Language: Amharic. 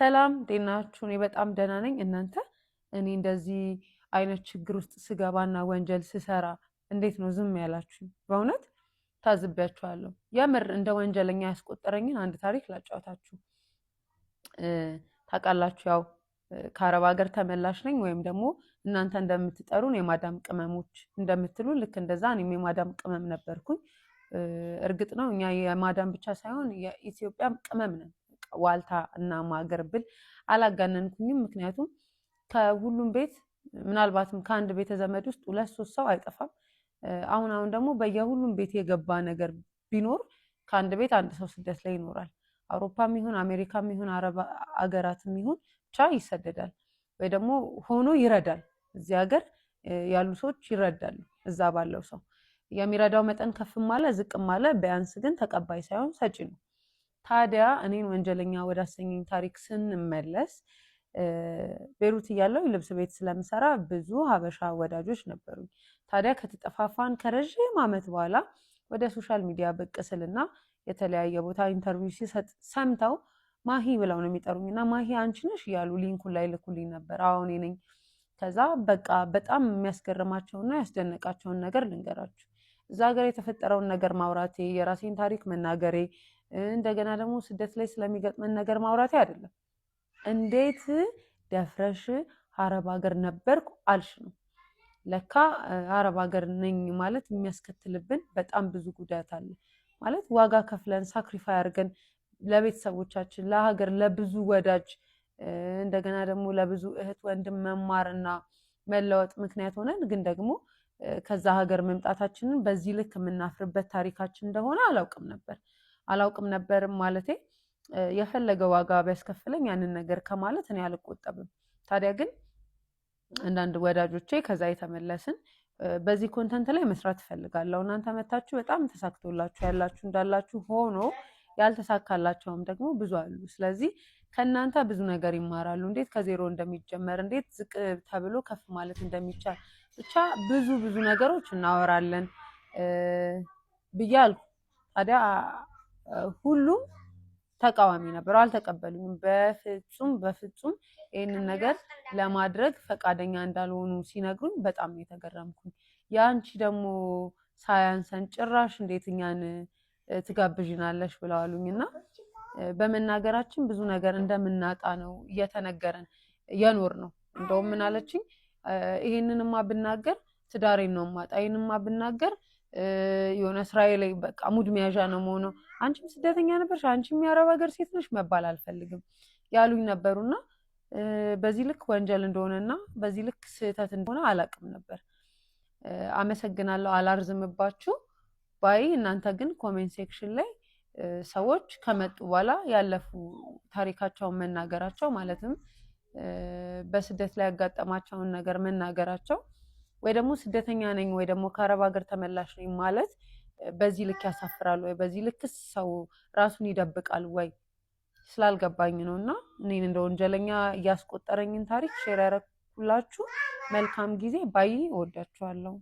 ሰላም ዴናችሁ እኔ በጣም ደህና ነኝ። እናንተ እኔ እንደዚህ አይነት ችግር ውስጥ ስገባና ወንጀል ስሰራ እንዴት ነው ዝም ያላችሁ? በእውነት ታዝቢያችኋለሁ። የምር እንደ ወንጀለኛ ያስቆጠረኝን አንድ ታሪክ ላጫወታችሁ። ታውቃላችሁ ያው ከአረብ ሀገር ተመላሽ ነኝ ወይም ደግሞ እናንተ እንደምትጠሩን የማዳም ቅመሞች እንደምትሉ ልክ እንደዛ እኔም የማዳም ቅመም ነበርኩኝ። እርግጥ ነው እኛ የማዳም ብቻ ሳይሆን የኢትዮጵያም ቅመም ነን ዋልታ እና ማገር ብል አላጋነንኩኝም። ምክንያቱም ከሁሉም ቤት ምናልባትም ከአንድ ቤተ ዘመድ ውስጥ ሁለት ሶስት ሰው አይጠፋም። አሁን አሁን ደግሞ በየሁሉም ቤት የገባ ነገር ቢኖር ከአንድ ቤት አንድ ሰው ስደት ላይ ይኖራል። አውሮፓም ይሁን አሜሪካም ይሁን አረብ አገራትም ይሁን ብቻ ይሰደዳል ወይ ደግሞ ሆኖ ይረዳል። እዚህ ሀገር ያሉ ሰዎች ይረዳሉ። እዛ ባለው ሰው የሚረዳው መጠን ከፍም አለ ዝቅም አለ፣ ቢያንስ ግን ተቀባይ ሳይሆን ሰጪ ነው። ታዲያ እኔን ወንጀለኛ ወዳሰኘኝ ታሪክ ስንመለስ ቤሩት እያለሁ ልብስ ቤት ስለምሰራ ብዙ ሀበሻ ወዳጆች ነበሩኝ። ታዲያ ከተጠፋፋን ከረዥም ዓመት በኋላ ወደ ሶሻል ሚዲያ ብቅ ስልና የተለያየ ቦታ ኢንተርቪው ሲሰጥ ሰምተው ማሂ ብለው ነው የሚጠሩኝ እና ማሂ አንቺ ነሽ እያሉ ሊንኩን ላይ ልኩልኝ ነበር። አሁን ነኝ። ከዛ በቃ በጣም የሚያስገርማቸውና ያስደነቃቸውን ነገር ልንገራችሁ። እዛ ሀገር የተፈጠረውን ነገር ማውራቴ፣ የራሴን ታሪክ መናገሬ እንደገና ደግሞ ስደት ላይ ስለሚገጥመን ነገር ማውራት አይደለም። እንዴት ደፍረሽ አረብ ሀገር ነበርኩ አልሽ ነው። ለካ አረብ ሀገር ነኝ ማለት የሚያስከትልብን በጣም ብዙ ጉዳት አለ ማለት ዋጋ ከፍለን ሳክሪፋይ አድርገን ለቤተሰቦቻችን፣ ለሀገር፣ ለብዙ ወዳጅ እንደገና ደግሞ ለብዙ እህት ወንድም መማርና መለወጥ ምክንያት ሆነን ግን ደግሞ ከዛ ሀገር መምጣታችንን በዚህ ልክ የምናፍርበት ታሪካችን እንደሆነ አላውቅም ነበር። አላውቅም ነበርም ማለቴ የፈለገ ዋጋ ቢያስከፍለኝ ያንን ነገር ከማለት እኔ አልቆጠብም። ታዲያ ግን አንዳንድ ወዳጆቼ ከዛ የተመለስን በዚህ ኮንተንት ላይ መስራት እፈልጋለሁ፣ እናንተ መታችሁ በጣም ተሳክቶላችሁ ያላችሁ እንዳላችሁ ሆኖ ያልተሳካላቸውም ደግሞ ብዙ አሉ። ስለዚህ ከእናንተ ብዙ ነገር ይማራሉ። እንዴት ከዜሮ እንደሚጀመር፣ እንዴት ዝቅ ተብሎ ከፍ ማለት እንደሚቻል ብቻ ብዙ ብዙ ነገሮች እናወራለን ብዬ አልኩ። ታዲያ ሁሉም ተቃዋሚ ነበሩ። አልተቀበሉኝም። በፍጹም በፍጹም ይህንን ነገር ለማድረግ ፈቃደኛ እንዳልሆኑ ሲነግሩኝ በጣም ነው የተገረምኩኝ። የአንቺ ደግሞ ሳያንሰን ጭራሽ እንዴት እኛን ትጋብዥናለሽ ብለዋሉኝ እና በመናገራችን ብዙ ነገር እንደምናጣ ነው እየተነገረን የኖር ነው። እንደውም ምን አለችኝ፣ ይሄንንማ ብናገር ትዳሬን ነው ማጣ፣ ይሄንንማ ብናገር የሆነ ስራዬ ላይ በቃ ሙድ መያዣ ነው የምሆነው። አንቺም ስደተኛ ነበርሽ፣ አንቺም የአረብ ሀገር ሴት ነሽ መባል አልፈልግም ያሉኝ ነበሩና በዚህ ልክ ወንጀል እንደሆነና በዚህ ልክ ስህተት እንደሆነ አላቅም ነበር። አመሰግናለሁ። አላርዝምባችሁ ባይ እናንተ ግን ኮሜንት ሴክሽን ላይ ሰዎች ከመጡ በኋላ ያለፉ ታሪካቸውን መናገራቸው ማለትም በስደት ላይ ያጋጠማቸውን ነገር መናገራቸው ወይ ደግሞ ስደተኛ ነኝ ወይ ደግሞ ከአረብ ሀገር ተመላሽ ነኝ ማለት በዚህ ልክ ያሳፍራል ወይ በዚህ ልክስ ሰው ራሱን ይደብቃል ወይ ስላልገባኝ ነው። እና እኔን እንደ ወንጀለኛ እያስቆጠረኝን ታሪክ ሼር ያረኩላችሁ። መልካም ጊዜ ባይ። እወዳችኋለሁ።